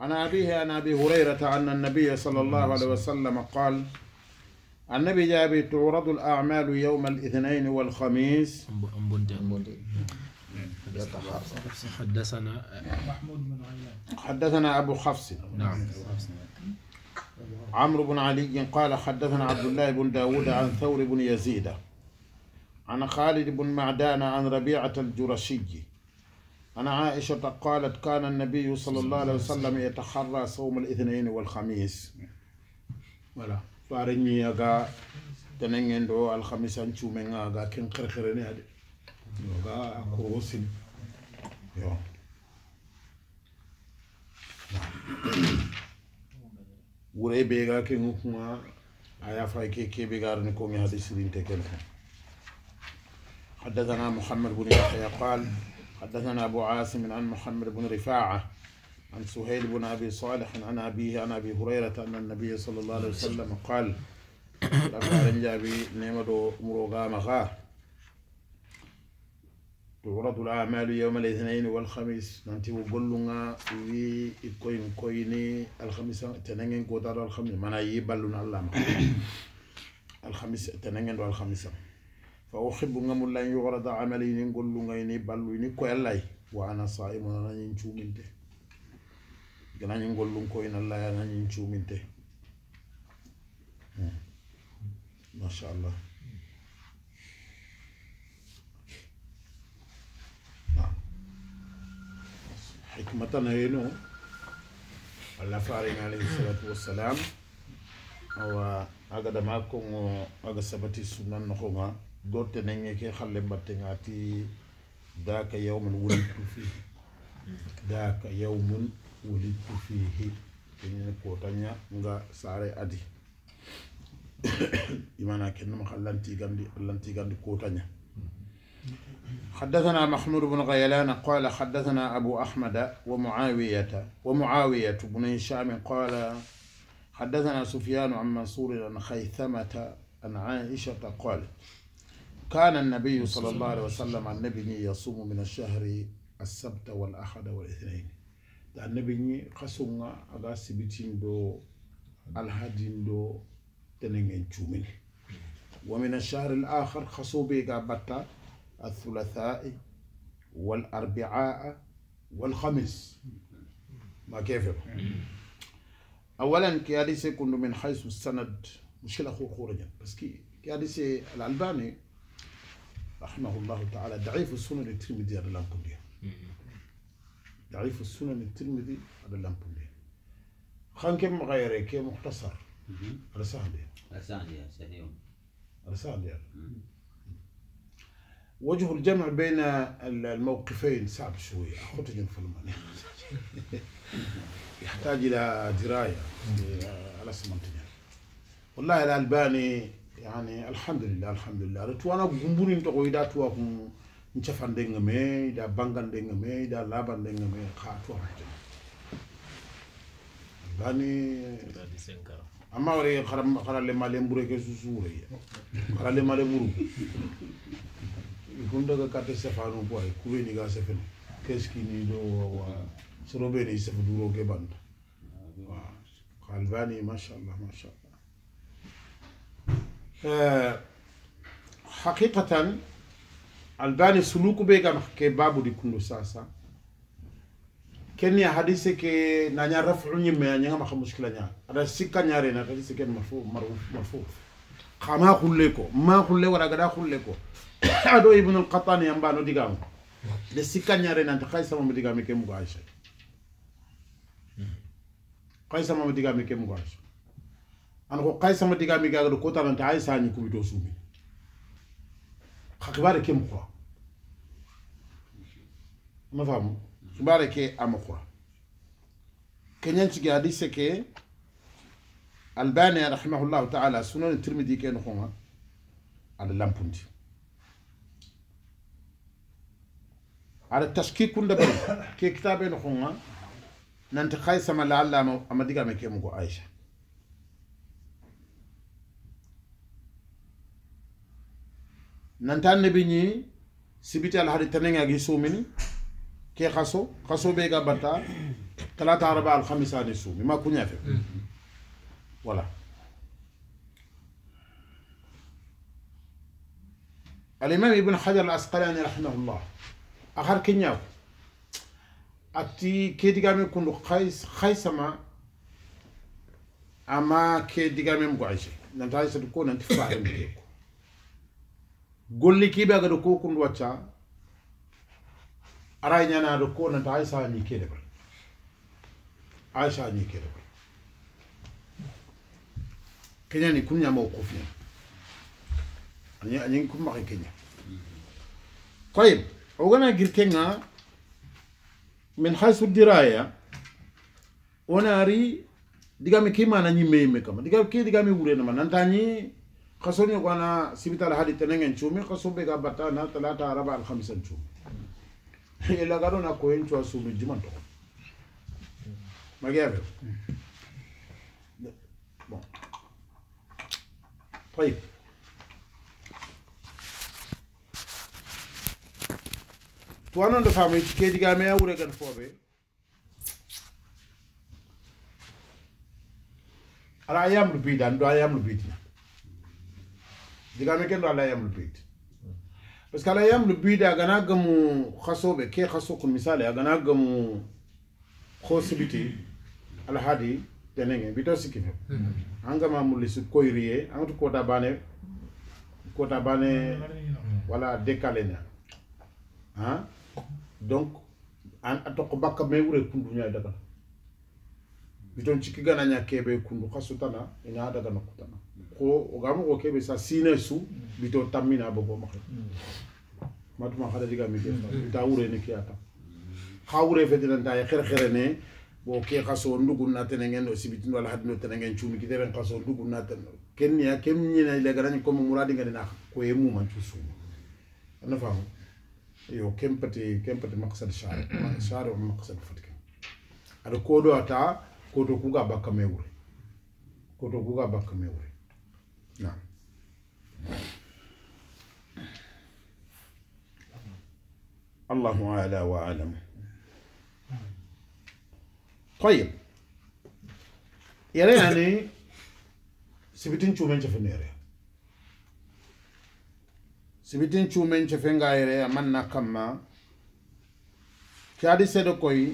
عن أبيه عن أبي هريرة أن النبي صلى الله عليه وسلم قال النبي جابي تعرض الأعمال يوم الاثنين والخميس حدثنا حدثنا أبو حفص نعم عمرو بن علي قال حدثنا عبد الله بن داود عن ثور بن يزيد عن خالد بن معدان عن ربيعة الجرشي أنا عائشة قالت كان النبي صلى الله عليه وسلم يتحرى صوم الاثنين والخميس ولا فارني يغا تنين دو الخميس أن تشومين غا كن خرخرني هذا يغا كروسين يو wure be ga ke kuma a ya fa ke ke be ga ran حدثنا محمد بن يحيى قال حدثنا أبو عاصم عن محمد بن رفاعة عن سهيل بن أبي صالح عن أبيه عن أبي هريرة أن النبي صلى الله عليه وسلم قال لقد جابي نعمة مروغامها تورد الأعمال يوم الاثنين والخميس ننتي وبلونا وي إكوين كويني الخميس تنين قدر الخميس منا يبلون الله الخميس تنين والخميس الخميس fa uhibbu ngamulla an yughrada amali ni gollunga ni ballu ni ko ellay wa ana sa'imun ana nyin cuminte gana nyin gollun ko ina allah ana nyin cuminte ما شاء الله حكمتنا هينو الله فارغ عليه الصلاة والسلام أو أقدم معكم أقصبتي السنة نخوها gotte nañe ke xalle mbattenga ti daka yawman wulittu fihi daka yawmun wulittu fihi keñene kotaña nga sare adi imana kennama xa lantigandi lantigandi kotaña حدثنا محمود بن غيلان قال حدثنا أبو أحمد ومعاوية ومعاوية بن هشام قال حدثنا سفيان عن منصور عن خيثمة عن عائشة قالت كان النبي صلى الله عليه وسلم النبي يصوم من الشهر السبت والأحد والاثنين النبي ني قسونا على سبتين دو الهدين دو تنين جومين ومن الشهر الآخر بيقى بطا الثلاثاء والأربعاء والخمس ما كيف أولا كياديسي كنت من حيث السند مشكلة خورجا بس كي كياديسي الألباني رحمه الله تعالى ضعيف السنن الترمذي adalah kuliah ضعيف السنن الترمذي adalah kuliah خان كم غيره كم مختصر رسالة رسالة يا سهيل رسال وجه الجمع بين الموقفين صعب شوية أخرج في المعنى يحتاج إلى دراية على سمنتنا والله الألباني yani alhamdulillah alhamdulillah aɗa tuwana gumbunin togo ida tuwa kum cafandenga me ida bangandenga me ida labandenga me xa tuwanatena gani amma wari xara lemale mbure ke susuureya xara lemale mburu ikun daga kate sefanu bo ay kubeniga sefene keskini do wa sorobeni sefe duro ke banda wa xalbani machallah machallah hakikatan albani suluku be gam ke babu di kundu sasa kenni hadise ke naña rafu ñimme a ñangama xa muskila ña ada sikka ñarena hadise ken marfu marfu xama xulle ko ma xulle wara gada xulle ko ado ibnu alqatani yambano digamo de sikka ñarenante xay samama digame ke mugo aicha xay samama digame ke mugo aicha an ko kay sama diga mi gagado kota nanta ay sañi kubito suumi xa xibare ke muxura ma faamu xibare ke a muxura keñancigi adi seke albani rahimahullahu taala sunani tirmidi ke noxonga ada lampundi ada taskikunda bari ke kitabe noxonga nanti xay sama la allama ama digame ke mugo aicha نانتان نبيني سبيت على هذه تنين يا جسومني كي خاصو خاصو بيجا بتا ثلاثة أربعة الخميس أنا سومي ما كوني أفهم ولا الإمام ابن حجر الأسقلاني رحمه الله أخر كنياو أتي كي دعامي كون خايس خايس ما أما كي دعامي مقايسة نتاعي سدكون أنت فاهم كي golli kiɓe aga ɗo ko kundu wacca ara ñanaɗo ko nanta aysa añi kede bal aysa añi kede bal keñani kunñama o kofñani añi añin kummaxe keña tayib ogana girkenga min haysu diraya wonari digami ki mana ñimmeyime kama digami ki digami wurenama nantañi kasoni wana sibital hadi tenengen chumi kasumbe ga bata na talata araba al khamsan chumi ila garo na koyin chwa sumi juman to magebe bon طيب tuwanon da famu ke diga me yawure gan fobe ala yamru bidan do ayamru bidina diga me kendo ala yamul bid parce que ala yamul bid gana gamu khaso be ke khaso kun misale a gana gamu khosibiti ala hadi tenenge bito sikine hmm. anga ma mulis koyriye anga ko bane kota bane wala décalé na donc an atoko bakka me wure kundu nyaay daga biton cikki gana nya kebe kundu tana ina daga nokutana ko ogamogo keɓe sa sine su bito tammina bogo maxe matuma xada diga mi ke ta wurene ke ata xa wure fetinanta ye ne bo ke xaso ndugunna tenengen o sibitin wala hadino tenengen cuuni kiteren xaso ndugunna ten ken niya ken na legarañi comme muradingadina koye mumancu suuma ana faamu yo ken pati ken pati maqsad share share o maqsad fatka aɗa koɗo ata koto kuga bakka me wure kuga me wure نعم الله أعلى وأعلم طيب يرى يعني سبتين شو من شفنا يرى سبتين شو من شفنا يرى أمنا كما كادي سيدكوي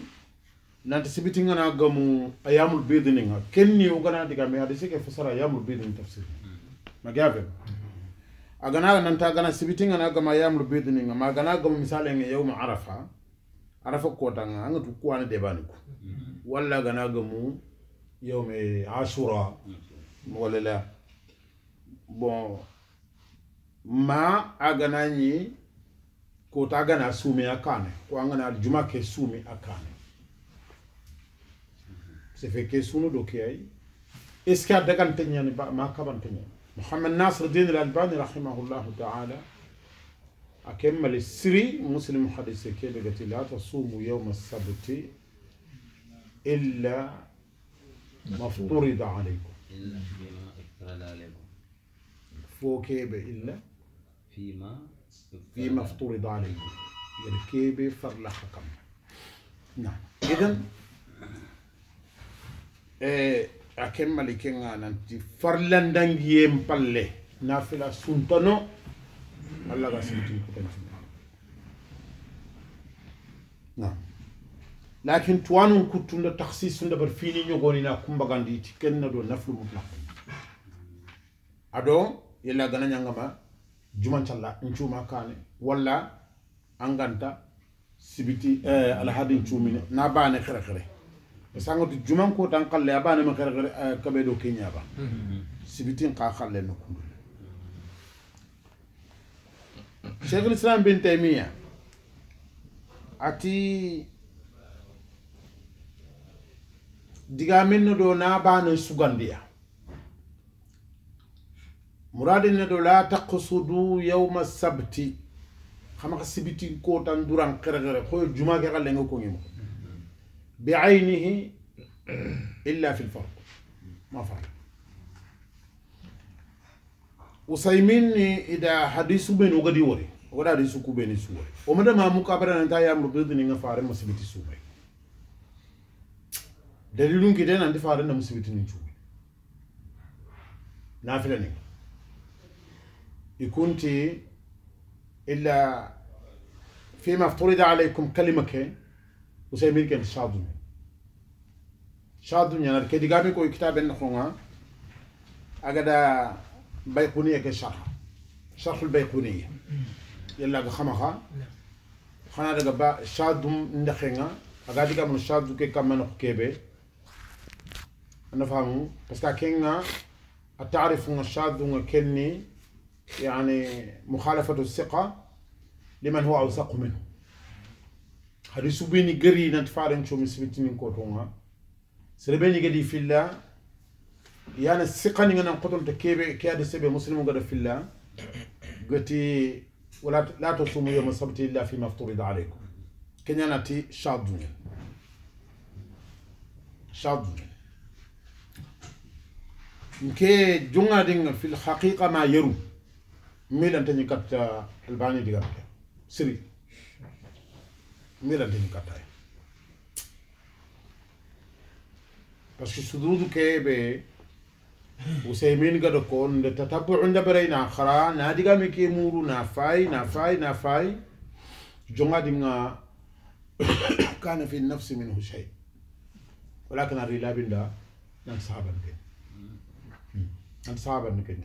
nanti sibiti ngana gamu ayamul bidini nga kenni ugana diga me hadisi ke fasara ayamul bidini tafsir magavem mm-hmm. agana nanta gana sibitinga na gama yamru bidninga magana gama misale nge yawma arafa arafa kotanga anga tukwana debaniku mm-hmm. walla gana gamu yawma ashura mm-hmm. wala bon ma agana ni kota gana sumi akane ko angana juma ke sumi akane se fe ke sunu do ke ay est ce que adagante nyani ma kabante nyani محمد ناصر الدين الألباني رحمه الله تعالى أكمل السري مسلم حديث كيف لا تصوم يوم السبت إلا ما افترض عليكم إلا فيما افترض عليكم فوكيب إلا فيما فيما افترض عليكم يركيب يعني فرل حكم نعم إذا إيه a ken malike nga nanti farlandangiyen palle nafila suntano allah ga sintin kutantina nam lakin tuwanun kuttunda taksisun dabar fini ñogonina kumbaganditi kenna do naflu mutlak aɗo yella gana ñangama jumancalla ncuma kane walla anganta sibiti eh, alhadin cumine na bane xere xere sangatu juman ko tan kalle aba ne makar eh, kabe do kenya ba mm-hmm. sibitin ka kalle no kundu Sheikh Islam bin Taymiyyah ati diga min do na bana sugandiya muradin do la taqsudu yawma sabti kama sibitin ko tan duran kare kare ko juma ga kalle ngo ko ngimo بعينه إلا في الفرق ما فرق وسيمين إذا حديث بين وغدي وري ولا حديث كوبين سوري ومدى ما مقابلة أنت يا مربوط نينا فارم مسبيت سوري دليلون كده أنت ndi مسبيت na نافلة ni يكون تي إلا فيما افترض عليكم كلمة كين وسيمين usaymin ken شادو نيانا كي دي غامي كو كتاب ان خونغا اغدا بايكونيه كي شرح شرح البايكونيه يلا غا خماخا خانا دا با شادو ندخينغا اغا دي غامن شادو كي كامن خكيبي انا فاهمو باسكا كينغا اتعرفو شادو كيني يعني مخالفة الثقة لمن هو أوثق منه هذه سبيني قري نتفارن شو مسبتين كوتونها سربيني قدي في الله يعني الثقة إن أنا قتل تكيب كاد سبي مسلم قدي في الله قتي ولا لا تصوموا يوم السبت إلا فيما افترض عليكم كن أنا تي شادون شادون نكي جونا دين في الحقيقة ما يرو ميل أنتني كت الباني دي قبل سري ميل أنتني كتاي parce par ce que sududu keɓe usaymin gaɗo ko nde tatabu'u ndabaray na hara na digami ke muru na fayi na fayi na fayi jongadinga kana fi nafsi minhu shay walakin ari labinda nan sahaban ken nan sahaban ken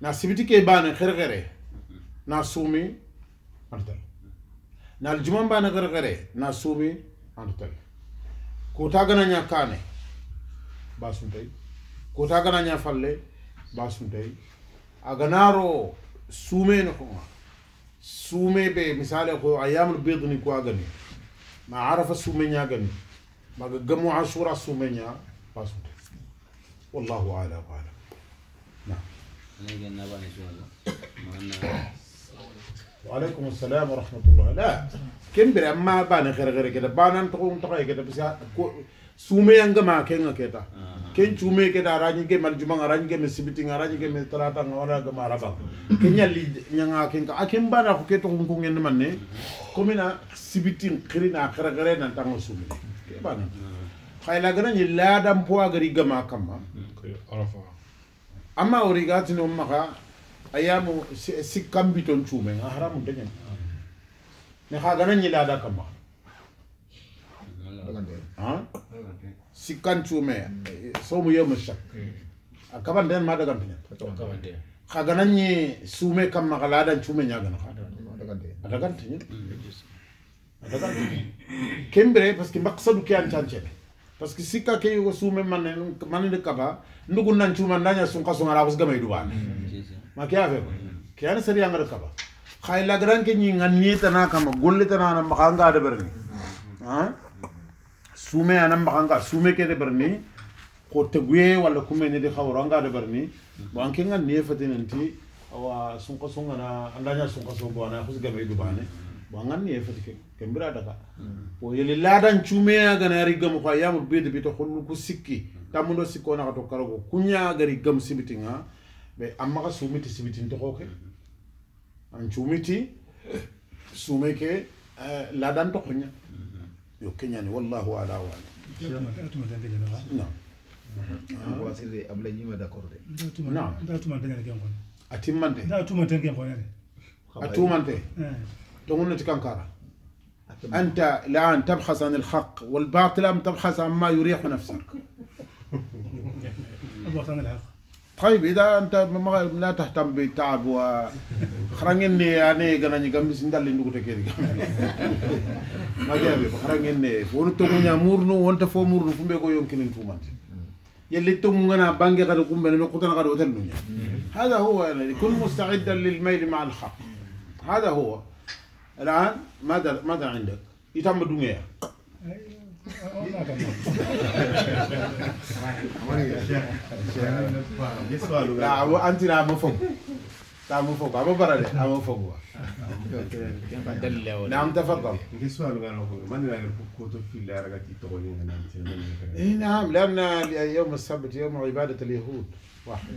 na sibiti ke bane xerxere na suumi antutal na aljuman bane xerxere na suumi antutal kota ganagna kane basuntay kota ganagna falle basuntay aganaro sumeno koga sume be misale ko ayamul bidni ko agani ma arafa sumeña gani maga gamu asura sumeña basuntay wallahu ala wa alam naam وعليكم السلام ورحمة الله لا كن بري أما بان غير غير كده بان انت قوم تقاي كده بس سومي ينغ ما كن كده كن شومي كده راجي كده مرجما راجي كده مسبيتين راجي كده مستراتا ورا كما ربا كن يلي نيا كن اكن بان اكو كده كون كون ين من كومينا سبتين خرينا خير غير نتا سومي بان خايلا غني لا دم بوا غري جماعة كما أما أوريجاتي gatin umma ayamu sikkam biton chume a haramu dañan ne xa gana Sikam kamma so cuume somu yewma chak a kabanten ma deh. xa gana sume suume kamma xa laadan cuume ñagana xa deh. dagantinen mm, a dagantinen kembire kembre que maqsadu ke an cancene parce que sikka ke yugo manen mane manede kaba ndugu nan cuuma nanya sunqa sungara xus gamay dubaane mm, ma ke afe ko ke ana sari angara kaba khay lagran ke ni nganni tana kama golli tana na makanga de berni ha sume ana makanga sume ke de berni ko teguye walla kumene de khawro anga de berni bo anke nganni fatinanti awa sunka sunga na andanya sunka sunga na khus gabe dubane bo nganni e fatike kembira daga bo yeli ladan chume ga na rigam ko ayamu bid bito khulku sikki tamundo sikko na to karago kunya gari gam sibitinga mais amaxa suumiti sibitintoxo ke an cuumiti suume ke ladan toxoña yo keñani wallahu ala wala a timmante a tumante togunnati kankara أنت الآن تبحث عن الحق والباطل أم تبحث عن ما يريح نفسك؟ أبحث عن الحق طيب اذا انت لا تهتم بالتعب و خرجني يعني اني غناني غامبي سندالي ندوكو تكيري ما جابي خرجني فون توكو نيا مورنو وانت فو مورنو فمبي كو يمكن تومان يلي توم غنا بانغي غادي كومبي نو كوتان غادي وتنو هذا هو يعني كن مستعدا للميل مع الحق هذا هو الان ماذا ماذا عندك يتم دنيا انت لا ما فوق لا ما فوق ما برا لا ما فوق نعم تفضل نعم لأن يوم السبت يوم عبادة اليهود واحد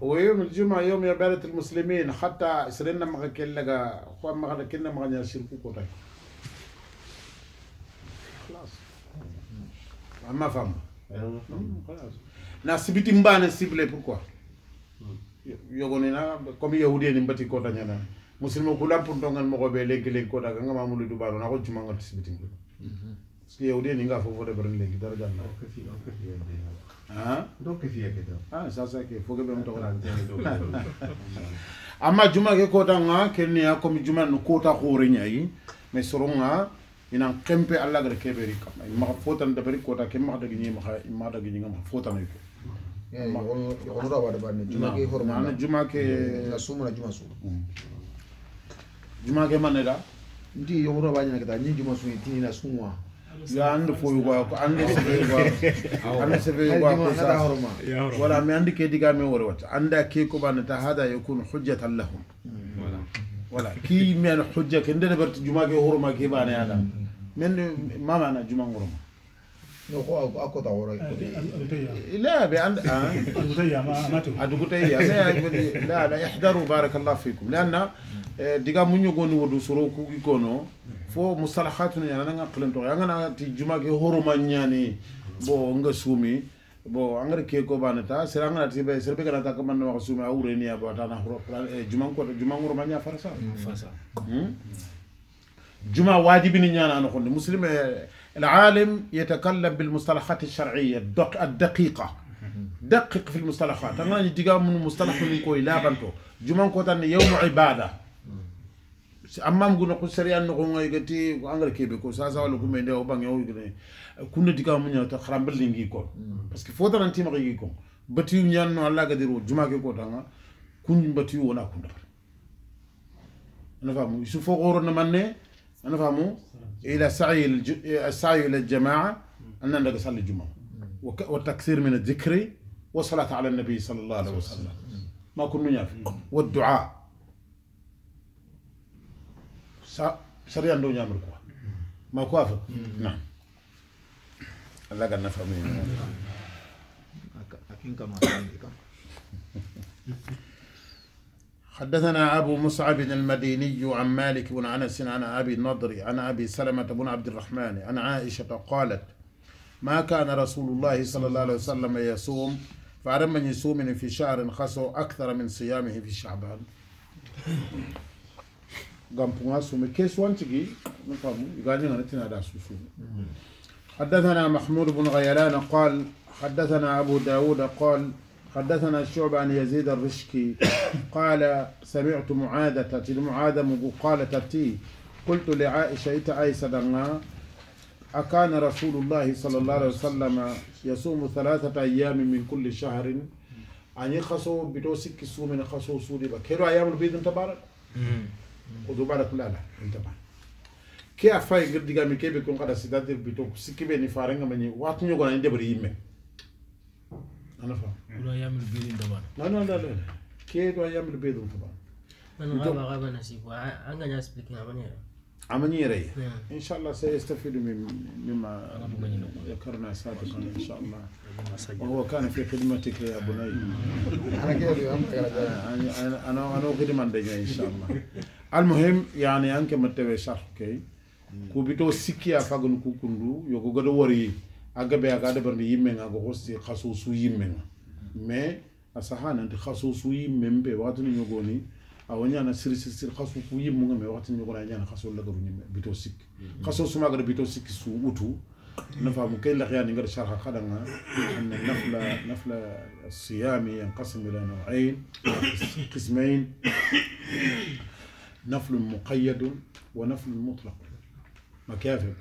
ويوم الجمعة يوم عبادة المسلمين حتى سرنا مغا كلا خوا مغا كنا مغا نشركو كوتاي mafamu hmm, na sibiti mbane sible pourquoi hmm. yogonina comme yahudiyeni mbati kota ñana musilma ku lampuntongan mogo ɓe lenki lenki kota kanga mamulu dubano na ko jumangat sibiti mhm. Ski parce que yahudiyeni nga fofo de baren lenki dara janna ah ça sasa ke foge ɓe togora amma juma ke kota nga kenniya juma no kota xoore ñayi mais ina kempe alla gara kebe ri kam ma fotan da bari kota kem ma daga ni ma ma daga ni ma fotan ri ma ko ro wa da ban juma ke horma na juma ke la sumu na juma su juma ke man da ndi yo ro ba ni ka ni juma su ni na sunwa ya ande fo yugo ko ande sebe yugo ande sebe yugo ko sa horma wala mi ande ke diga me wor wat anda ke ko ban ta hada yakun hujjatan lahum wala ki mi an hujja ke ndene berti juma ke horma ke bana ya da من ما معنى جمان غرمة؟ هو اكو طور لا بأن أدوكتيا لا لا احذروا بارك الله فيكم لأن ديغا مونيو غوني ودو سروكو كيكونو فو مصطلحات يعني انا قلنتو يعني انا تي جمعه هرما يعني بو nga sumi bon engrais ke ko bana ta sera ngana ti be sera be kana ta ko man ma sumi awre ni abo ta na horo juman ko juman ngoro ma nya farsa farsa hmm جمعة واجب نيانا مسلم العالم يتكلم بالمصطلحات الشرعية الدق الدقيقة دقق في المصطلحات أنا نتيجة من المصطلح اللي كوي لا بنتو جمعة كوتان يوم عبادة أما مقولنا كل سريع نقوم ويجتي أنغر كيبكو ساسا ولا كم يدي أو بانج أو يجري كل نتيجة من يوم تخرم بلينجي كون بس كيف هذا نتيجة مغيجي كون بتيو نيانا الله قديرو جمعة كوتان كون بتيو ونا كون دار أنا فاهم يسوع فوق ورنا مني نفهموا الى سعي الج... السعي الى الجماعه أنا نصلي الجمعه وك... والتكثير من الذكر والصلاه على النبي صلى الله عليه وسلم ما كنا نعرف والدعاء سريعا دون نعمل كوا ما كوافق نعم الله قال نفهم اكين كما حدثنا أبو مصعب المديني عن مالك بن أنس عن أبي النضر عن أبي سلمة بن عبد الرحمن عن عائشة قالت ما كان رسول الله صلى الله عليه وسلم يصوم فأرم من يصوم في شهر خصو أكثر من صيامه في شعبان حدثنا محمود بن غيلان قال حدثنا أبو داود قال حدثنا الشعب عن يزيد الرشكي قال سمعت معادة المعادة مبقالة تي قلت لعائشة إتعي سدنا أكان رسول الله صلى الله عليه وسلم يصوم ثلاثة أيام من كل شهر أن يخصو بدو سك سو من خصو سودي بكيرو أيام البيض انت بارك خذوا بارك لا لا انت بارك كي أفاي قد دقامي كي بيكون قد سيدات بيتو سكي بني فارنغ مني واتنيو قنا ندبر يمين انا فاهم ولا ايام البيضين طبعا لا لا لا لا كيد وايام البيضين طبعا انا غابة غابة نسيب وعنقا ناس بكين عمانيرة عمانيرة نعم. ان شاء الله سيستفيد مما ذكرنا سابقا ان شاء الله وهو كان في خدمتك يا بني انا كده انا انا انا خدمة ان شاء الله المهم يعني انك متبع شرحك كوبيتو سيكيا فاغن كوكوندو يوكو غدو وري agabe aga yimme nga go si khaso su yimme nga me asaha de khaso su yimme be ni ni go a wonya na sir sir sir khaso fu yimme nga me ni watuni nyogona nyana khasul lagaru nyimme bito sik khaso khasusu magar bito sik su utu na نفهم كل الأخيان نقدر شرح خدمة أن nafla نفلة الصيام ينقسم إلى نوعين قسمين نفل مقيد ونفل مطلق مكافب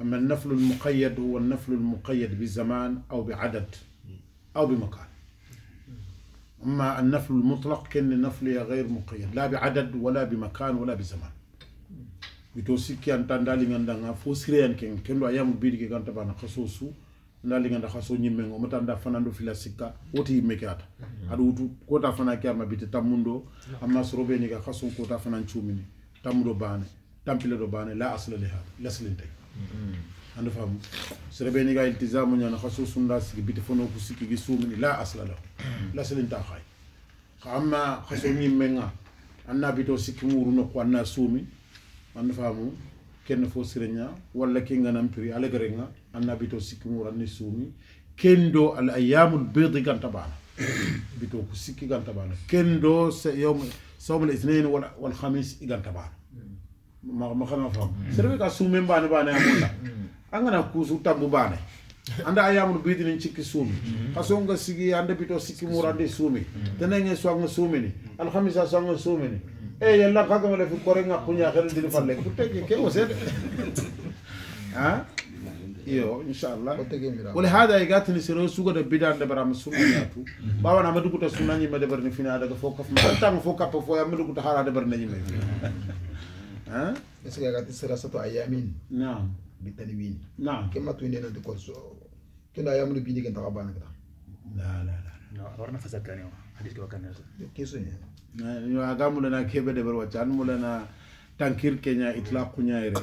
أما النفل المقيد هو النفل المقيد بزمان أو بعدد أو بمكان أما النفل المطلق كن نفلها غير مقيد لا بعدد ولا بمكان ولا بزمان bito sikki an tan dali ganda nga fo sire an ken ken do ayamu bidi ke ganta bana khaso su dali ganda khaso nyimme ngo mata nda fanando fila sikka woti mekata adu wutu kota fana kya mabite tamundo amma sorobe ni ga khaso kota fana chumini tamudo bane تمبل ربان لا اصل لها لسن انت انا فهم سربين غا التزام ني انا خصو سوندا سي بيت فونو بو سيكي غي سومني لا اصل له لسن انت خاي خاما خصو مي منغا انا بيتو سيكي مورو نكو انا سومي انا فهم كين فو سرينيا ولا كين غا نامبري على غرينغا انا بيتو سيكي مورو سومي كين الايام البيض غان تبانا بيتو كو سيكي غان تبانا كين يوم الاثنين والخميس غان تبانا makanga fam serebe ka sumen bane bane ya amola mm-hmm. angana kusu tambu bane anda ayamun bidinin cikki suumi mm-hmm. Kasongga siki, anda bito sikki murande suumi mm-hmm. tenenge soanga suumini alhamisa soanga suumini eh yalla kagamale fi kore ngakkuña xelndini falle ku tege ke o seed a iyo inchallah wala hada e gatini sero sugada bidande barama sunnatu bawanama duguta sunnañimme deɓerni fina daga fo kaf ma tanga fo kappa fo yamme duguta harade ɓernañimme hein est-ce que ayamin non nah. bitani win non nah. ini ma twine non de udah so que na ayamu bi ni ganta ba na kata la la la non kan yo hadis ko kan yo keso ni na yo agamu na kebe de barwa tan mu na tankir kenya itla kunya ire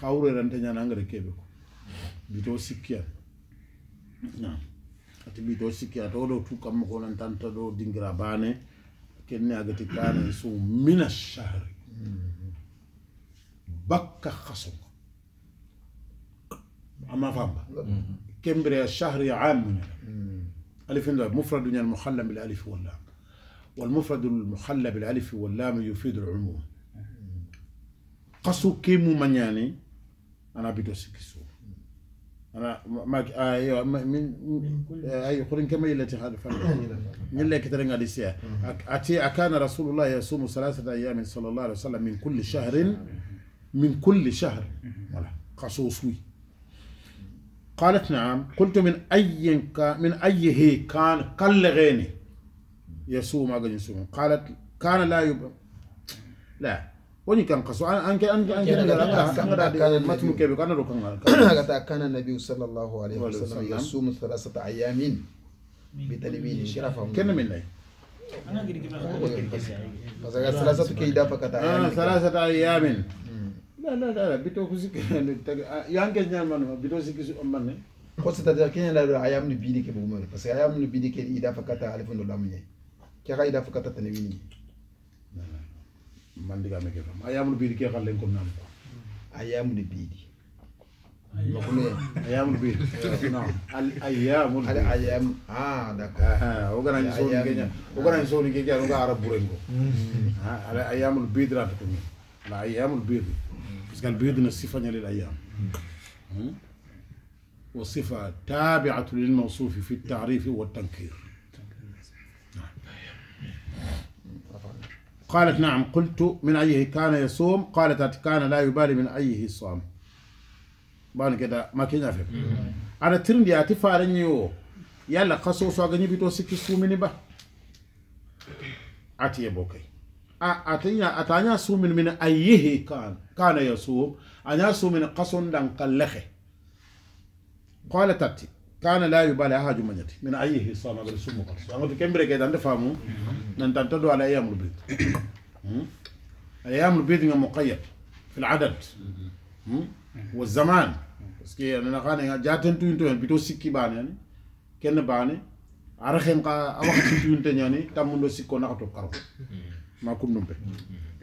kawre ran tanya na ngare kebe ko bito sikya non nah. ati bito sikya to do tu kam ko nan tanta do dingra bane kenne agati بكا خصم أما فهم كمبريا الشهر عام ألف مفرد المخلم بالألف واللام والمفرد المخلى بالألف واللام يفيد العموم قصو كيمو منياني أنا بدو سكسو أنا ما أيوة من أي قرن كما التي هذا من لا كتر قال أتي أكان رسول الله يصوم ثلاثة أيام صلى الله عليه وسلم من كل شهر من كل شهر قصوصوي قالت نعم قلت من اي كان من اي هي كان قل غيني يسوع ما قد يسوع قالت كان لا يب لا وني كان قصو انا انا انا انا انا انا كان النبي صلى الله عليه وسلم يصوم ثلاثه ايام بتلبيه شرفه كان من لي انا قلت لك ثلاثه كي دافقت ايام ثلاثه ايام ala ala bito kusiki yanke nyama no bito siki omane ko sita da kenya la ayam ni bidi ke bugumere parce que ayam ni bidi ke ida fakata alifun do lamunye ke ga ida fakata tan winni man diga me ke fam ayam ni bidi ke xal len ko nam ayam ni bidi مقولين ايام البيت نعم الايام الايام اه دكا اه وغنا نسول كينيا وغنا نسول كينيا نغا عرب بورينغو الايام البيت راتكم الايام البيت بس قال بيدنا الصفة للأيام وصفة تابعة للموصوف في التعريف والتنكير قالت نعم قلت من أيه كان يصوم قالت كان لا يبالي من أيه صام بان كده ما كنا فهم أنا ترند يا تفارنيو يلا قصو سواغني بيتو سومني با أتي بوكي أتنيا أتنيا سومن من أيه كان كان يصوم أنيا سومن قصون دان كالخه قال تاتي كان لا يبالي أحد من يتي من أيه صام قبل سوم قص أنا في كم بريك عند فامو ننتظر على أيام البيت أيام البيت هي مقيد في العدد والزمان بس كي أنا كان جاتن تو تو بتو سكي بان يعني كن بان أرخم كا أوقات تو تو يعني تامون لو سكو نكتو كارو ma kundum pe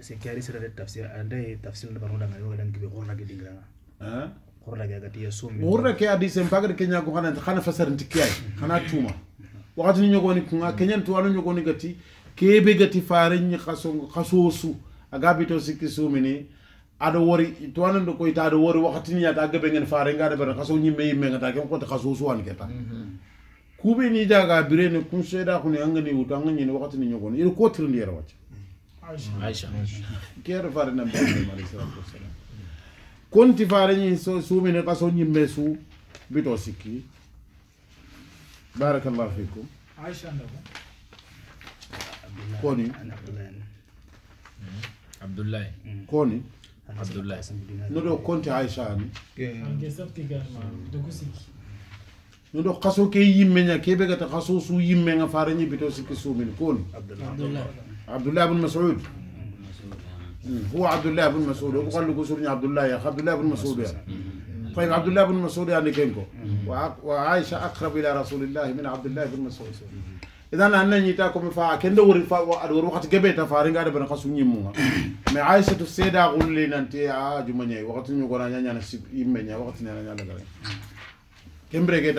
sen kari sira de tafsir ande tafsir na bangun dangan yoga dangi gorna gi dingra ha gorna gi agati ya sumi gorna ke adi sen pagar kenya ko kana kana fasar ntikiai kana tuma wakati ni nyogoni kunga kenyan tu anu nyogoni gati kebe gati fare nyi kasongo kasosu agabi to sikki sumini aɗa wori towanan ɗo koyta aɗa wori wakkatini yata a gabe ngen faare ngaɗa ɓeɗa kaso ñimme yimme ngata ken kote kaso suwan keta kuɓe ni jaga birene kum seeɗa kuni angani wuto angañini wakkatini ñogoni iɗa kotirndi yera wacca aicha kero fare namdi adam alayhi salatu wassalam konti fareñi suumine kaso ñimme suu bito sikki barakallahu fikum koni abdoulaye koni abdoulaye noɗo aicha ani noɗo kaso ke yimmeña keɓe gata kaso suu yimmenga fareñi bito sikki suumine koni عبد الله بن مسعود هو عبد الله بن مسعود هو قال له سرني عبد الله يا عبد الله بن مسعود طيب عبد الله بن مسعود يعني كينكو وعائشة أقرب إلى رسول الله من عبد الله بن مسعود إذن أنا نيتاكم فا كن دوري فا وروحت جبيت فارين قاعد بنقصو نيمو ما عايشة السيدة أقول لي ننتي آه جمانيه وقت نيو قرانيا نيانا سيب إيمانيا وقت نيانا نيانا قرانيا كم بريكي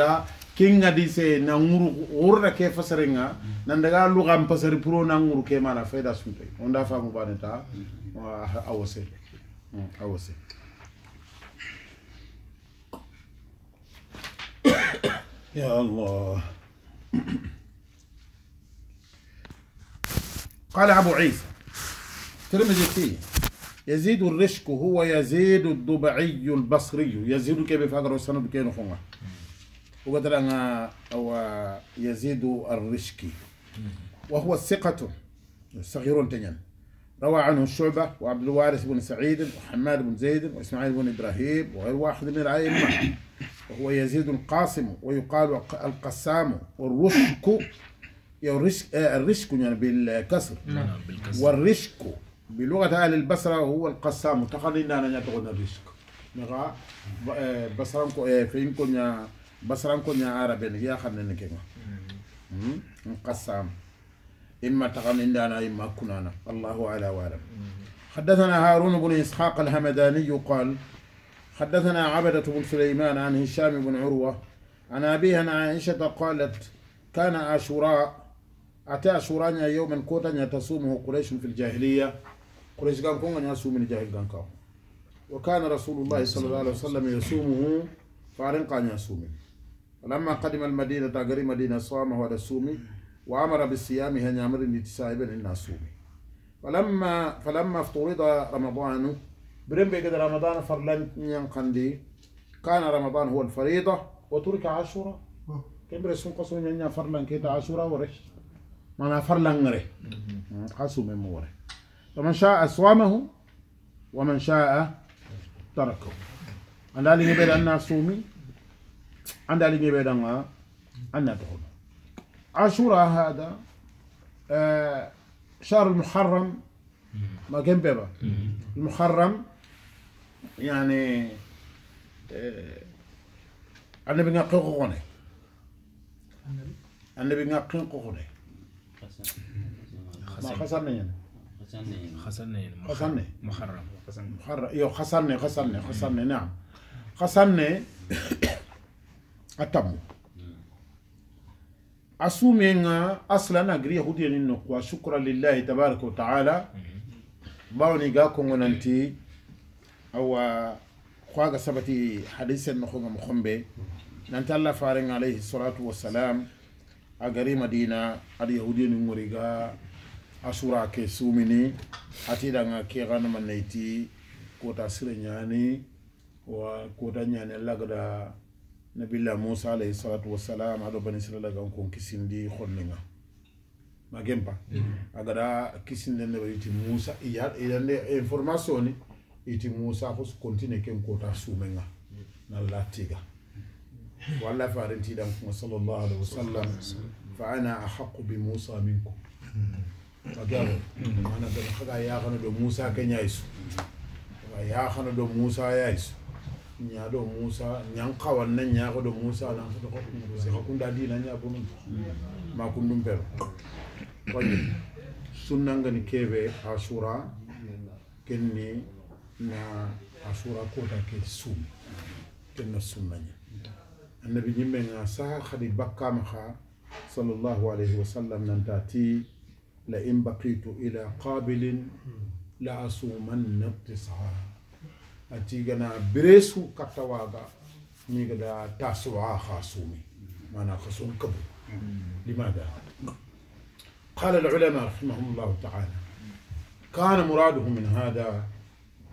kinga di se na nguru urra ke fasarenga nan daga lugan pasari pro na nguru ke mana faida sunte onda fa mu baneta awose awose يا الله قال أبو عيسى ترمذي فيه يزيد الرشك هو يزيد الضبعي البصري يزيد كيف هذا السند كينو خونه وقدرنا أو يزيد الرشكي وهو الثقة الصغير تنين روى عنه الشعبة وعبد الوارث بن سعيد وحماد بن زيد وإسماعيل بن إبراهيم وغير واحد من الأئمة وهو يزيد القاسم ويقال القسام والرشك آه، الرشك الرشك يعني بالكسر نعم بالكسر والرشك بلغة أهل البصرة هو القسام تقريبا أنا الرشك نغا آه، بصرة آه، فينكم بسران كون يعني يا ni يا xamne ne kenga hmm اما imma taqanindana اما kunana الله على wa حدثنا هارون بن إسحاق الهمداني قال حدثنا عبدة بن سليمان عن هشام بن عروة عن أبيها عن عائشة قالت كان عاشوراء أتى عاشوراء يوما كوتا يتصومه قريش في الجاهلية قريش قام كون يصوم من الجاهل كان وكان رسول الله صلى الله عليه وسلم يصومه فارن قام يصومه ولما قدم المدينة تغري مدينة صام هو سومي وأمر بالصيام هن يأمر نتسايب إن سومي فلما فلما افترض رمضان برم بيجد رمضان فرلن ينقندي كان رمضان هو الفريضة وترك عشرة كم رسم قصون ينيا فرلن كيت عشرة ورش ما فرلن غري قصوم موره فمن شاء صامه ومن شاء تركه أنا لي بين الناس سومي عند علي جيبي دانغا عندنا تقول عاشوراء هذا آه شهر المحرم ما كان بابا المحرم يعني آه، النبي نقين قوقوني النبي نقين قوقوني ما خسرني يعني خسرني خسرني يعني. محرم محرم يو خسرني خسرني خسرني نعم خسرني atam asume nga aslan agri yahudiyanin no kwa shukra lillahi tabaraka wa taala bawni ga kongo nanti awa kwaga sabati hadisen nokonga mokombe nanti allah faren alayhi salatu wassalam agari madina ad yahudiyanin ngoriga asura ke sumini atidanga ke ganama manaiti kota sire ñani wa kota nyani lagda نبي الله موسى عليه الصلاة والسلام على بني إسرائيل كان كون كيسين دي خننغا ما جنبا أقدر كيسين دي نبي يتي موسى إيال إيال دي إنفرماسيون يتي موسى فوس كونتين كم كوتا سومنغا نالا تيغا والله فارنتي دم صلى الله عليه وسلم فأنا أحق بموسى منكم فقال أنا دم خدا يا خنا دم موسى كنيايسو يا خنا دم موسى يايسو ñaaɗo moussa ñankawan na ñaakoɗo moussa nankoto ko si hakunda dina ñabunum ma kun ɗum pero koy sunnangani keɓe asura kenni na asura kota ke sum kenna sunnañi annabi ñimmenga saha hadi bakkama ha sallllahu alayhi wa sallam nanta ti la in baqitu ila qabilin la asumanna ibtisara atigana beresu kattawaga migada tasuwa khasumi mana khasum kabru لماذا قال العلماء رحمهم الله تعالى كان مراده من هذا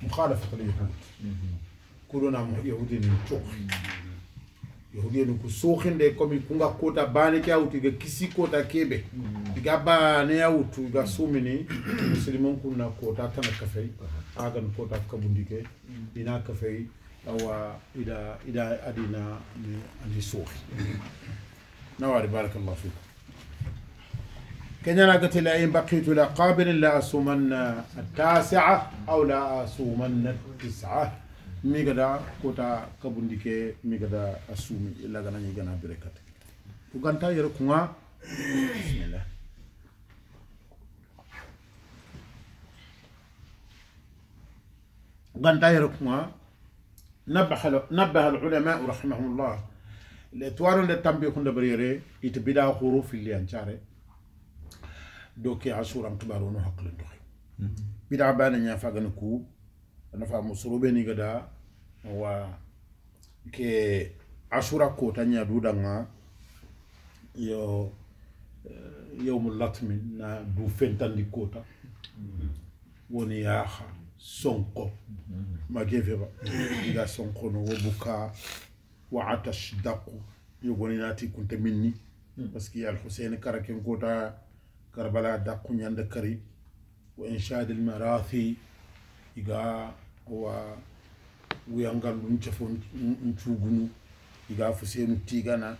مخالفة اليهود كلنا يهودين من yohogenu ku suuxinde comme kunga kota baane ke awutu iga kisi kota kebe iga baane awutu iga sumini muslimin kunna kota tana kafey agan kota kabundike ina kafey awa ida ida adina ani suuxi nawari barakallahu fikum كنا قلت لئن بقيت لقابل لا أصومن التاسعة أو لا أصومن التسعة migada kota kabundike migada asumi lagana ni gana berekat uganta yero kunga bismillah uganta yero kunga nabah ulama rahimahullah le twaron le tambi kunda bariere it bida khuru fil yanchare asura asuram tbarono haklan dohi mm-hmm. bida bana nya fagan ku na fa musrobe gada wa ke ashura kota ñaduɗanga yo mu latmi na du ndi kota woni ha sonko ma gefeba iga sonko no buka wa atash daku woni nati kunte minni hmm. parce que yal huseine kara ken kota karbala daku ñande kari wa al marathi iga wa wuyangal ndu cafo cugunu iga fo senu tigana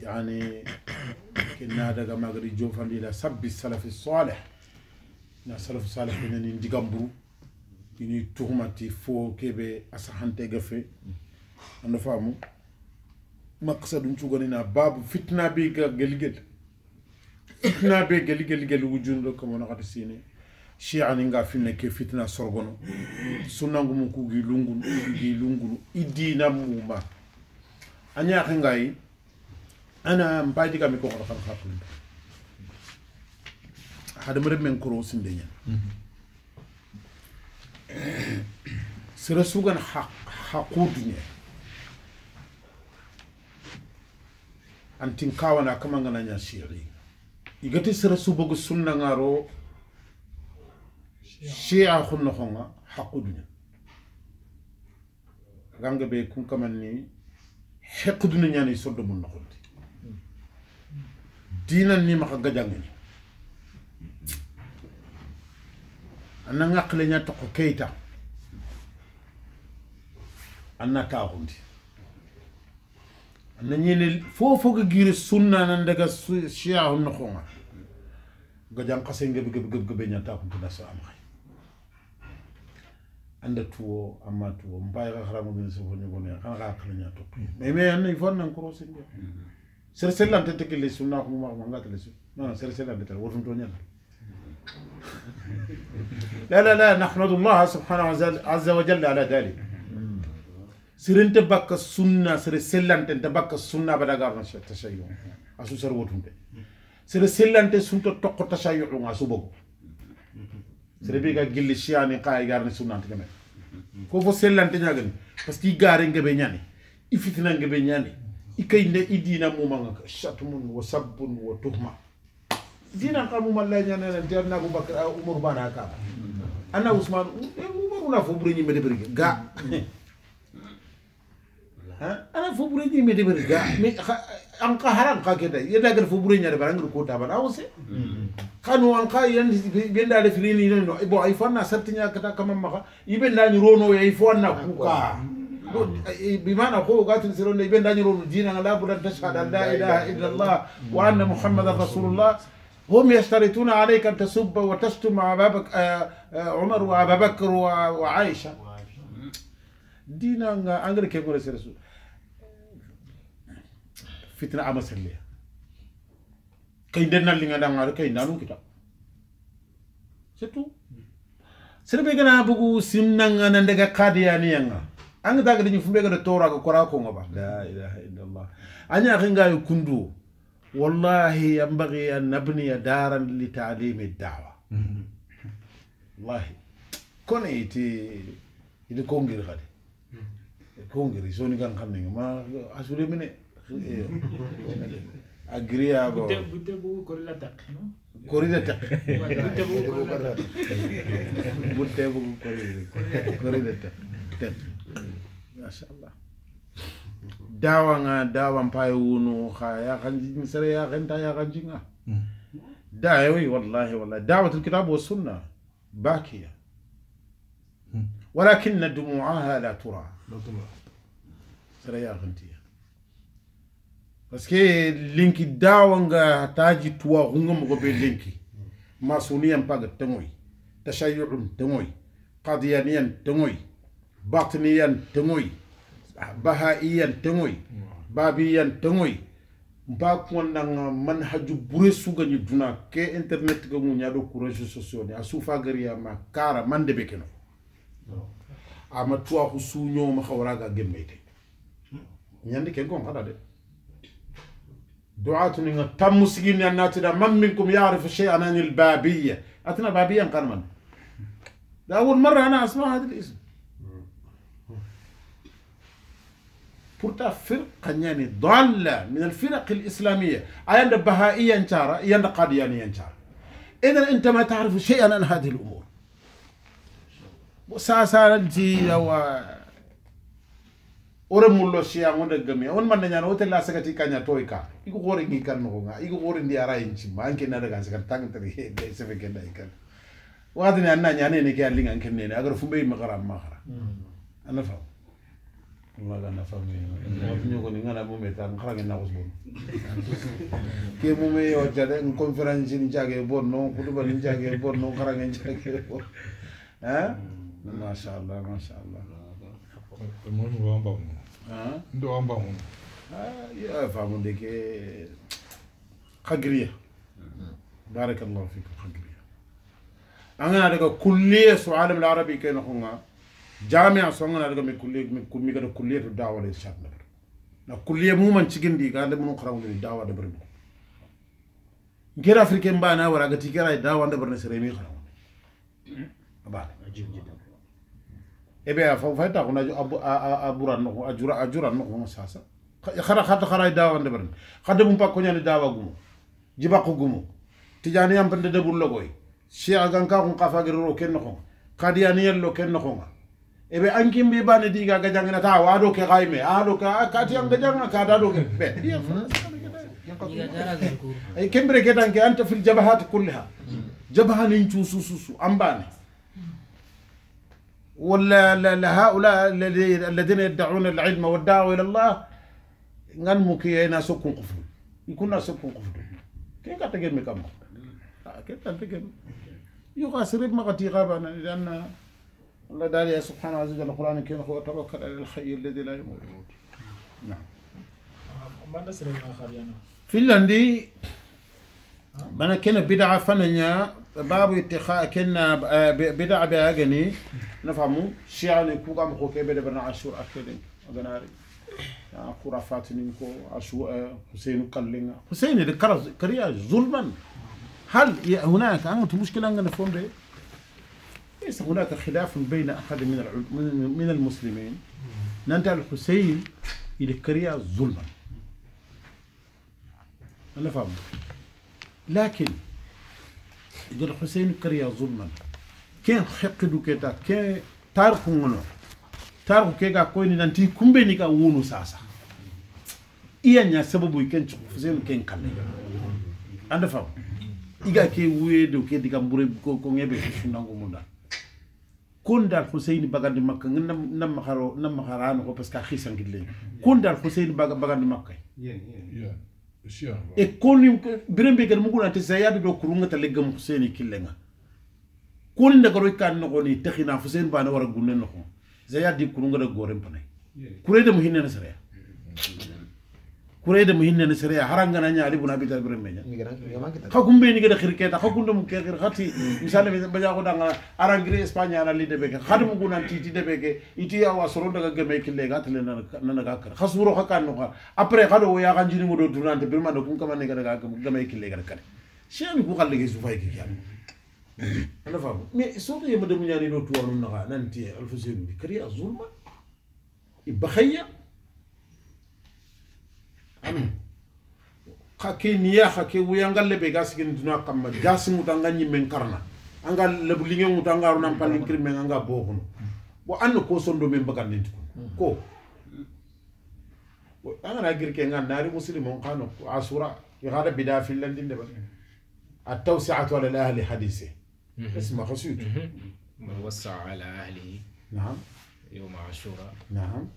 yani ke nadaga magadi jofandila sabbi salafi saleh na salafu saleh enani ndigamburu ini tuhmati fo keɓe asahantega fe anda faamu maqsadum cuganina babu fitna be ga geligel fitna be geligel gel wujunɗo comme sine shi anin ga finne ke fitna sorgono sunangu mun ku gi lungu gi lungu idina muma anya khingai ana mpaji kami ko khan khapun hada mare men kuro sindenya sira sugan haq haqudunya antin kawana kama kamanga nanya shi'i igati sira subugu sunna ngaro shi'a khunno khonga haqqu dunya ganga be kun kamanni haqqu dunya nyani soddo mun nokhonti dinan ni maka gajangani anna ngakle nya to keita anna ta hundi anna nyene fofo ga gire sunna nan daga shi'a hunno khonga gajang qasenge be gebe gebe nya ta hundi nasa amay anda tuwo amma tuwo mpay ka kharamu bin sifo nyugone kan ka kharinya to me me anna ifon nan koro sinja ser selan te tekile sunna ko ma manga tele su no ser selan te wotun to nyal لا لا لا نحمد الله سبحانه عز وجل على ذلك سرنت بك السنة سر سلم تنت بك السنة بدا غارنا تشيعون أسو سر وتنت سر سلم تنت سنت تقر تشيعون أسو بقو serebe ga gilli siyani qay garni sunnante ngame ko fo sellante ñagani parce que i gare ngebe ñani i fitina ngebe ñani i kayinde i dina mumanga chatmun wo sabbun wo tuhma dinan ka muma lay ñanene derna aboubacar umaru bana kama anna ousmane umaru na fo ɓure ñimmede ɓerge ga ana fo ɓure ñimmede ɓerge ga mais anka haran ka keda yeda gal fubure nyaade barang ko ta bana awse kanu anka genda benda de ni no ibo ay fonna sartinya kata kama maka ibe ndani rono ya ay fonna kuka بمعنى قوة قاتل سيرون لي بين دانيرون دينا لا بد أن تشهد أن لا إله إلا الله وأن محمدا رسول الله هم يشترطون عليك أن تسب وتشتم أبابك آه، آه، عمر وأبا بكر وعائشة دينا أنجر كيف رسول fitna ama selle kay dennal linga dangaɗo kay nanu kita c'est tout sere be gana bugu sinnanga na ndega kadiyaniyanga anga taga dañu fumbe gada ko kora kongo ba la ilaha illallah anya yu kundu wallahi yambaghi an nabni daran li talimi dawa wallahi kone iti idi kongir xadi kongir soni kan xam ma asure mine agreeable gudde bu gorilla taq gorilla taq gudde bu gorilla gudde bu gorilla taq taq mashallah dawa nga dawa mpaye wunu kha ya khanji misere ya khanta ya khanji nga دعوي والله والله دعوة الكتاب والسنة باكية ولكن دموعها لا ترى لا ترى سريا غنتي parce que linki dawanga hataji tuwa hunga mogo be linki masuniyan paga tengoy tashayyu'un tengoy qadiyaniyan tengoy batiniyan tengoy bahaiyan tengoy babiyan tengoy mba konnanga manhaju bure sugañi duna ke internet ga mu ñaɗo ko réseau sociaux ni a sufagariya ma kara mande be keno ama tuwa ko suñoma hawraga gemmeyde ñande ken gon haɗa de دعاة نيغا تام ناتي ناتنا من منكم يعرف شيئا عن البابية أتنا بابية قنما ده أول مرة أنا أسمع هذا الاسم بورتا فرقة يعني ضالة من الفرق الإسلامية أين بهائيا ينشارة أين قاديانيا ينشارة إذا أنت ما تعرف شيئا عن هذه الأمور وساسا أنت ore mullo siya ngonde gemi on man nyana tella saka ti kanya toika iko gore ngi kan no nga iko gore ndi ara inchi ma anke na daga saka tang tari he de se feke dai kan wadi ne anna nyane ne ke allinga anke ne agar fumbe ma garam ma ana fa Allah ga na fa me na funyo na ni ngana mo meta khara ngi na ko bon ke mo me yo jade ng conference ni jage bon no kutuba ni jage bon no khara ngi jage bon ha eh? mm. ma sha Allah ma sha Allah ndo amba mun يا فاهمون ديك خقرية بارك الله فيك خقرية أنا هذا كلية سؤال العربي كنا خونا جامعة أنا هذا من كلية من كمية كده كلية في الدعوة للشعب نبر نا كلية مو من تشين ديك هذا منو خرامون الدعوة نبر غير أفريقيا بانا ورا قتيكرا الدعوة نبر نسرمي خرامون أبالي عجيب جدا ebe eh, a fayta ko naju aburan no a jura no sasa khara khata khara dawa nde kan ban khade bum pakko ni dawa gumu jiba ko ti jani yam pende de burlo logoi shi'a gan ka ko kafa gero ro ken no kadiyani lo ken no ebe eh, kim bi bane di ga jangina ta wa do ke gaime a do ka ka kati am ga jangna ka da do ke be hmm? eh, kembre ke tan ke anta fil jabahat kullaha jabahanin chu su su ambane ولهؤلاء الذين يدعون العلم والدعوة إلى الله نحن ممكن يناسوكم قفل يكون ناس ناسوكم قفل كيف تجد مكان آه، كيف تجد يغاسرين ما قد انا لأن الله داري سبحانه عز وجل القرآن كان هو توكل على الحي الذي لا يموت نعم ما نسر الآخر يعني فنلندي أنا كان بدعة فنيا بابو اتخاء كنا آه، بدع بأجني نفهمو شيعان يكو قام خوكي إيه بدا بنا عشور أكلين أغناري خرافات نينكو عشوة آه، حسين قلنا حسين كرز كريا ظلما هل هناك أنت مشكلة أن نفهم ده ليس هناك خلاف بين أحد من من المسلمين ننتهي الحسين إلى كريا ظلما أنا فاهم لكن jara husein kariya zulman ken heqidu keta ken tarku ngono tarku kega koyni nanti kumbeni ka wunu sasa iya nya sababu ken cuku husein ken kalle anda fam iga ke wuyedo ke diga mbure ko ko ngebe sunango munda kon dal husein bagandi makka nam nam kharo nam kharano ko parce que khisan gidle kon dal husein bagandi makka yeah yeah yeah e koni birembe gar mugun ate zayabi do kurunga ta legga mu seni killenga koni daga roy kan no ni takhina fu sen bana wara gunne no ko zayadi kurunga da goren panay kure da mu hinne na sare kurede de hinne ne sere haranga na nyaali buna bitar menya ka kumbe ni khirke ta ka kundum ke misalnya khati misale be baja ya ko danga arangri espanya ya na lide beke khadi mu gunan titi de beke iti ya wasoro daga geme kille ga tele na na ga kar khasuro ka kanu ka apre khado ya kan jini ngodo durante ma do kun kama ne ga geme kille ga kar shami ko khalle ge fay ki ya ala fa me sori yema de mu tuwa na nanti alfuseni kriya zulma ibkhayya ka ke niya ka ke wuya nga lebe ga sigin duna kamma gasi muta nga nyimen karna anga lebu linge muta nga runa palin kirme nga bokuno bo anno ko sondo men bagan nintu ko anga na girke nga nari muslimon kano asura igada bida fillandin de ba التوسعة على الأهل حديثه اسمه خسوت من وسع على أهله نعم يوم عاشوراء نعم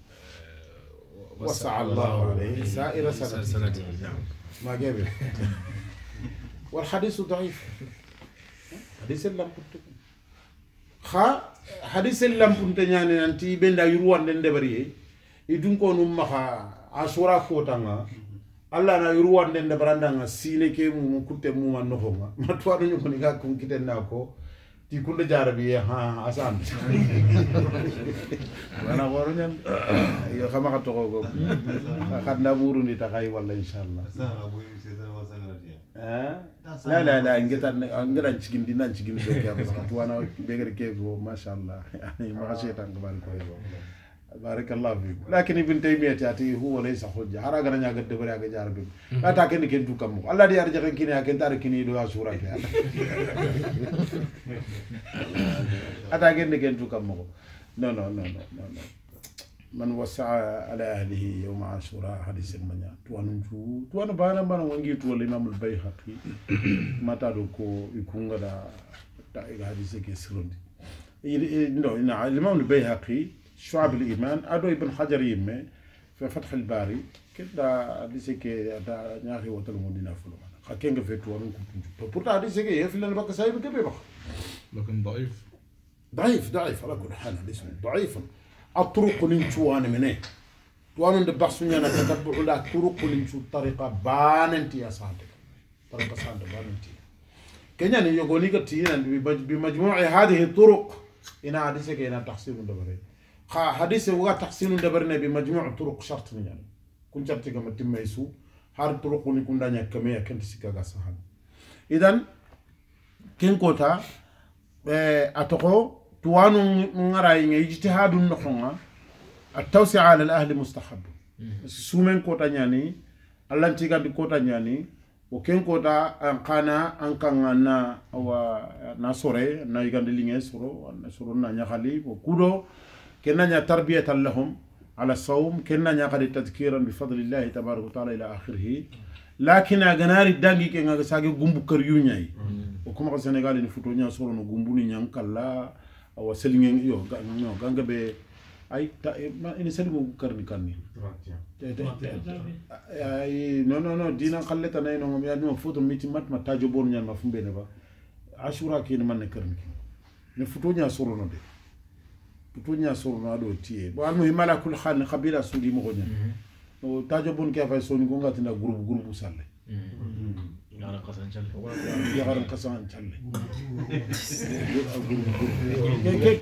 وسع الله عليه سائر سنته نعم. ما جابه والحديث ضعيف حديث لم خا حديث لم تنياني انت بين لا يروان دن دبري يدون كونو مخا اشورا فوتانا الله na يروان den da baranda nga sine مو mu ما mu man no ma matwa no ti kunde jarabi ha asan wana woro nyam yo xama ka to ko xat na muru ni taxay wala inshallah la la la ngeta ngera cigin dinan cigin so ke am wana begere ke go mashallah ma ka setan ko bal ko yo barakallah fikum lakin ibn taymiya tati huwa laysa hujja hara gana nya gadde bare aga jar bin na hmm. ta ken ken du kam allah di arja ken kini aken tar kini do asura ata ken ken du kam no no no no no man wasa'a ala ahlihi yawma ashura hadith al manya tuwan ju tuwan bana bana wangi to al imam al bayhaqi mata doko ko ikunga da ta hadith ke sirondi ndo na al imam al bayhaqi شعب الإيمان أدو ابن حجر يمي في فتح الباري كدا ديسك دا نياخي وتل مدينة فلوما خاكين في توارن كنت بورتا ديسك لنا بك سايب كبي بخ لكن ضعيف ضعيف ضعيف على كل حال حديث ضعيف الطرق لنتوان منين توان دبخ سنيانا تتبع لا طرق لنتو طريقة باننتي يا صادق طريقة صادق باننتي كنيان يقولي كتير بمجموع هذه الطرق انا ديسك انا تحسين دبرين xa hadise woga taxsinu ndeɓerne ɓe majmuu turuq charte ni ñani kun cartiga ma timmay su har turuquni kun daña kame a kenti sikkaga sahan idan ken kota a toxo tuwanu ngarayinga ijtihadu noxonga a tawsi ala al ahli mustahabu sumen kota ñani allantigandi kota ñani wo ken kota an kana an kanga na awa na sore na yigandi linge soro na soro na ñaxali wo kuɗo كنا تربية لهم على الصوم كنا قد تذكيرا بفضل الله تبارك وتعالى إلى آخره لكن أجنار الدنجي كنا ساقي قنبو كريوني وكما قد سنغال إن فتوني سورو نقنبو نيا نكالا أو سلين يو غانغ بي أي تا ما إن سلين كرني كرني أي نو نو نو دينا قلت أنا إنه ما يعني مفوتو ميت مات ما تاجو بور نيا مفهوم بينه با عشورا كين ما نكرني نفتوني نيا سورو تونيا سونا دو تي بو المو يمالا كل خان قبيله سوندي مغنيا او تاجو بون كيفا سوني غونغا تينا غروب غروب سالي يا رقصان تشالي يا رقصان تشالي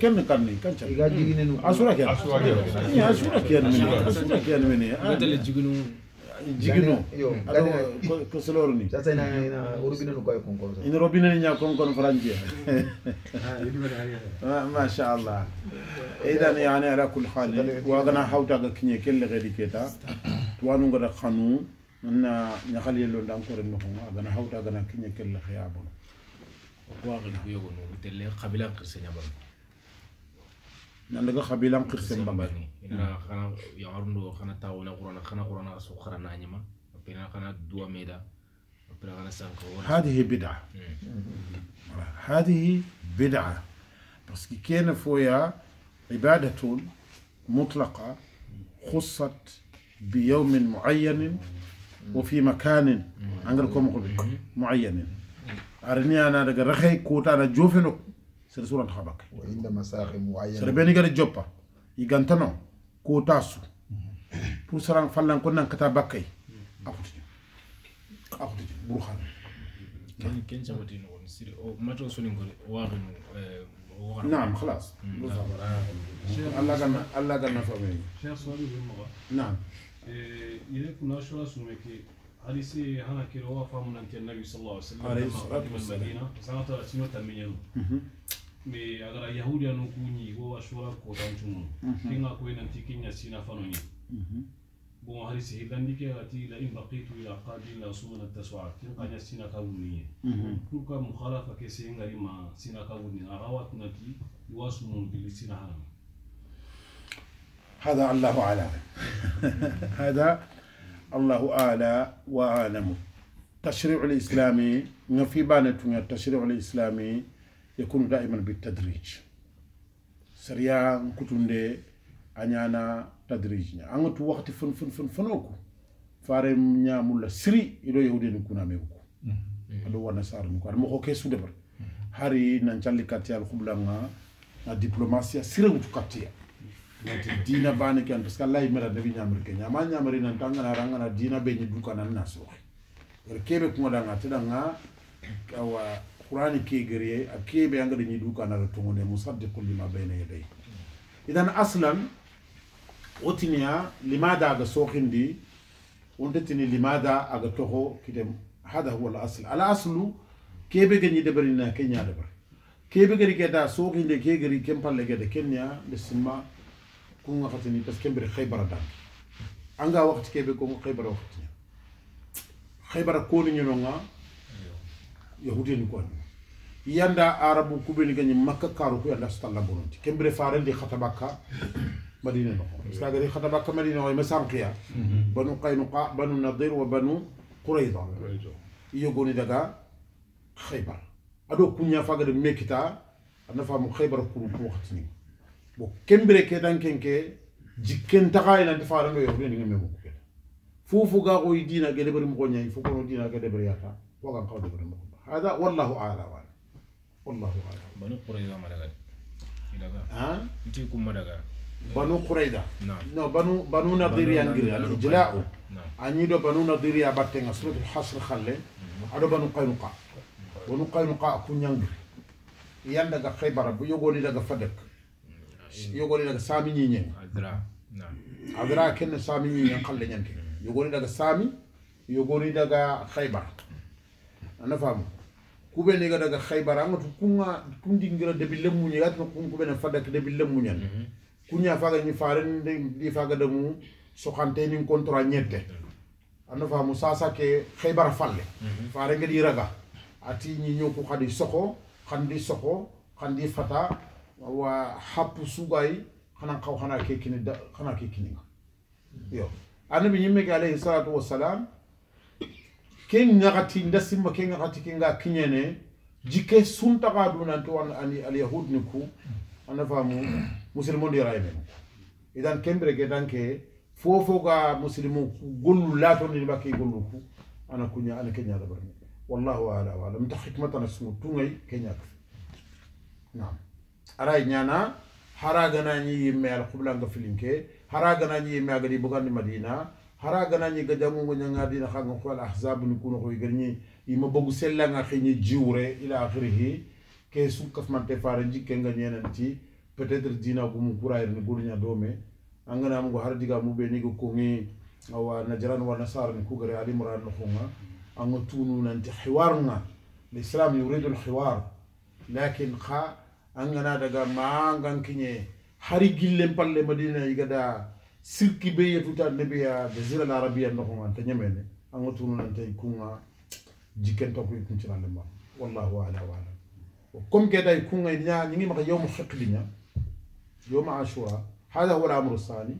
كم كان ني كان تشالي اسورا كان اسورا كان اسورا كان مني اسورا كان مني jigino ado ko solorni tata ina ina robina no koy konkon ina robina ni nya konkon franji ما شاء الله اذا يعني على كل حال واغنا حوتا كني كل غادي كيتا توانو غدا خانو na ñaxali lo dan ko renno ko agana hawta agana kinya kella khayabon ko agana yogo no telle qabila qirsa ñabal نعم. هذه بدعة هذه بدعة بس كان فويا عبادة مطلقة خصت بيوم معين وفي مكان عندكم معين أرني أنا رخي كوت أنا جوفنو سر suran ta habak wa inda سر muayyana sere beni gari joppa i gantano ko fallan ko nan kata bakkay akutu akutu نعم خلاص نعم me agara yahudi anu kunyi wo ashura ko tantum kinga ko nan tikinya sina fanoni bon hari si hilandi ke ati la in baqitu ila qadi la sumana taswa kin qanya sina kawuni ku ka mukhalafa ke se ngari ma sina kawuni arawat nati wasmun bil sina haram هذا الله أعلم هذا الله أعلى وأعلم تشريع الإسلامي في بانة التشريع الإسلامي يكون دائما بالتدريج سريان كتوندي أنيانا تدريج أنت وقت فن فن fun fun fun نيا مولا سري إلو يهودي نكونا ميوكو ألو وانا سار نكو أنا مخو كيسو دبر هاري نانشالي كاتيا الخبلانا na diplomasia sirewutu kattiya nanti dina bani kan parce que allah mera nabi ñamri ke ñama ñamri nan tangana rangana dina be ñi dukanan kebe kuma danga tedanga awa qur'ani ke gariye a keɓe angada ñi ɗukanaga togode musaddiqu lima bayna yaday idan aslan wotiniya limada aga sohindi wontetini limada aga toho kite hada huwa alasl ala aslu keɓe gañi debarina ke ñadebar keɓe gari keda sohinde ke gari ken palle gede kenya nde simma kunga hatini parce que mbiri haybara danke anga wakti keɓe kongo haybara waktiña haybara koni ñinonga yahudeni koni yanda arabu kubeni gani makka karu ku yanda stalla bononti kembere faare di khatabaka madina no sa gari khatabaka madina way masam qiya banu qaynuqa banu nadir wa banu qurayza iyo goni daga khaybar ado kunya faga de mekita ana famu khaybar ku ku khatini bo kembere ke dan kenke jikken taga ina de faare no yobni ngi memo ku fufu ga ko idina gede bari mo ko nyaay fuko no dina gede bari yata wagan qawde bari mo hada wallahu a'lam والله اعلم بنو قريظه مدغال ها تيكم مدغال بنو قريظه نعم نو بنو بنو نظير يانغري الاجلاء يعني نعم. اني دو بنو نظير يا باتين سوره الحصر خله ادو بنو قينقاع بنو قينقاع كو نيانغري yanda ga khaybara bu yogoni daga fadak yogoni daga sami nyinye adra na adra ken sami nyinye khalle nyanke yogoni daga sami yogoni daga khaybar ana famu kubene ga daga khaybara ngatu kunga kundingira de billemu ni gatno kun kubene fadak de billemu nyan kunya faga ni faren de di faga de mu soxante ni contrat ñette anda fa mu sasa ke khaybara falle fare ga di raga ati ni ñoku khadi soxo khandi soxo khandi fata wa hapu sugay khana xaw xana ke kini khana ke kini yo anabi ñimme ke alayhi salatu wassalam ke ñagati nda simma ke ñagati ke nga kiñene jikke suntaxa dunantu ani alyahud ni ku ana faamu musilmondu yaraye men idan kembire ke danke fofoga musilimu gollu latonini bakke gollu ku ana kuña ana ke ñadabarni wallahu ala wala mta hikmatana sumu tungay ke ñaka nam aray ñana hara ganañi yimme alqublanga filinke hara ganañi yimme agadi bogandi madina haragana hara ganagni gadiamungo ñangadina xanga ko al ahzab ni kuno koy garñi ima bogu sellanga xeñi jiwre ila akhirihi ke su kafmante fare jikke nga ñenanti peut être dina gumu kurayirni gurña dome anganamugo har diga muɓe nigo kongi awa najaran wa nasara ni ali alimran no xonga anga tunu nanti xiwarnga l'islam yuridu lxiwar lakin xa angana daga ma ngan kiñe hari gillen palle madina da سيركي بيه توتا نبيا بزيرة العربية نقوم أن تنمين أن تنمين أن تنمين جيكن توقي كنتنا لما والله أعلى وعلى وكم كدا يكون عندنا نيجي مع يوم حق يوم عاشوراء هذا هو الأمر الثاني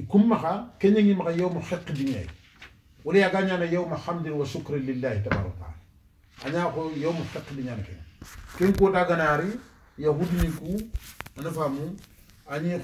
يكون معها كن نيجي مع يوم حق لنا ولي أغاني أنا يوم حمد وشكر لله تبارك وتعالى أنا هو يوم حق كن كن كودا غناري يهودي نيكو أنا فاهمون они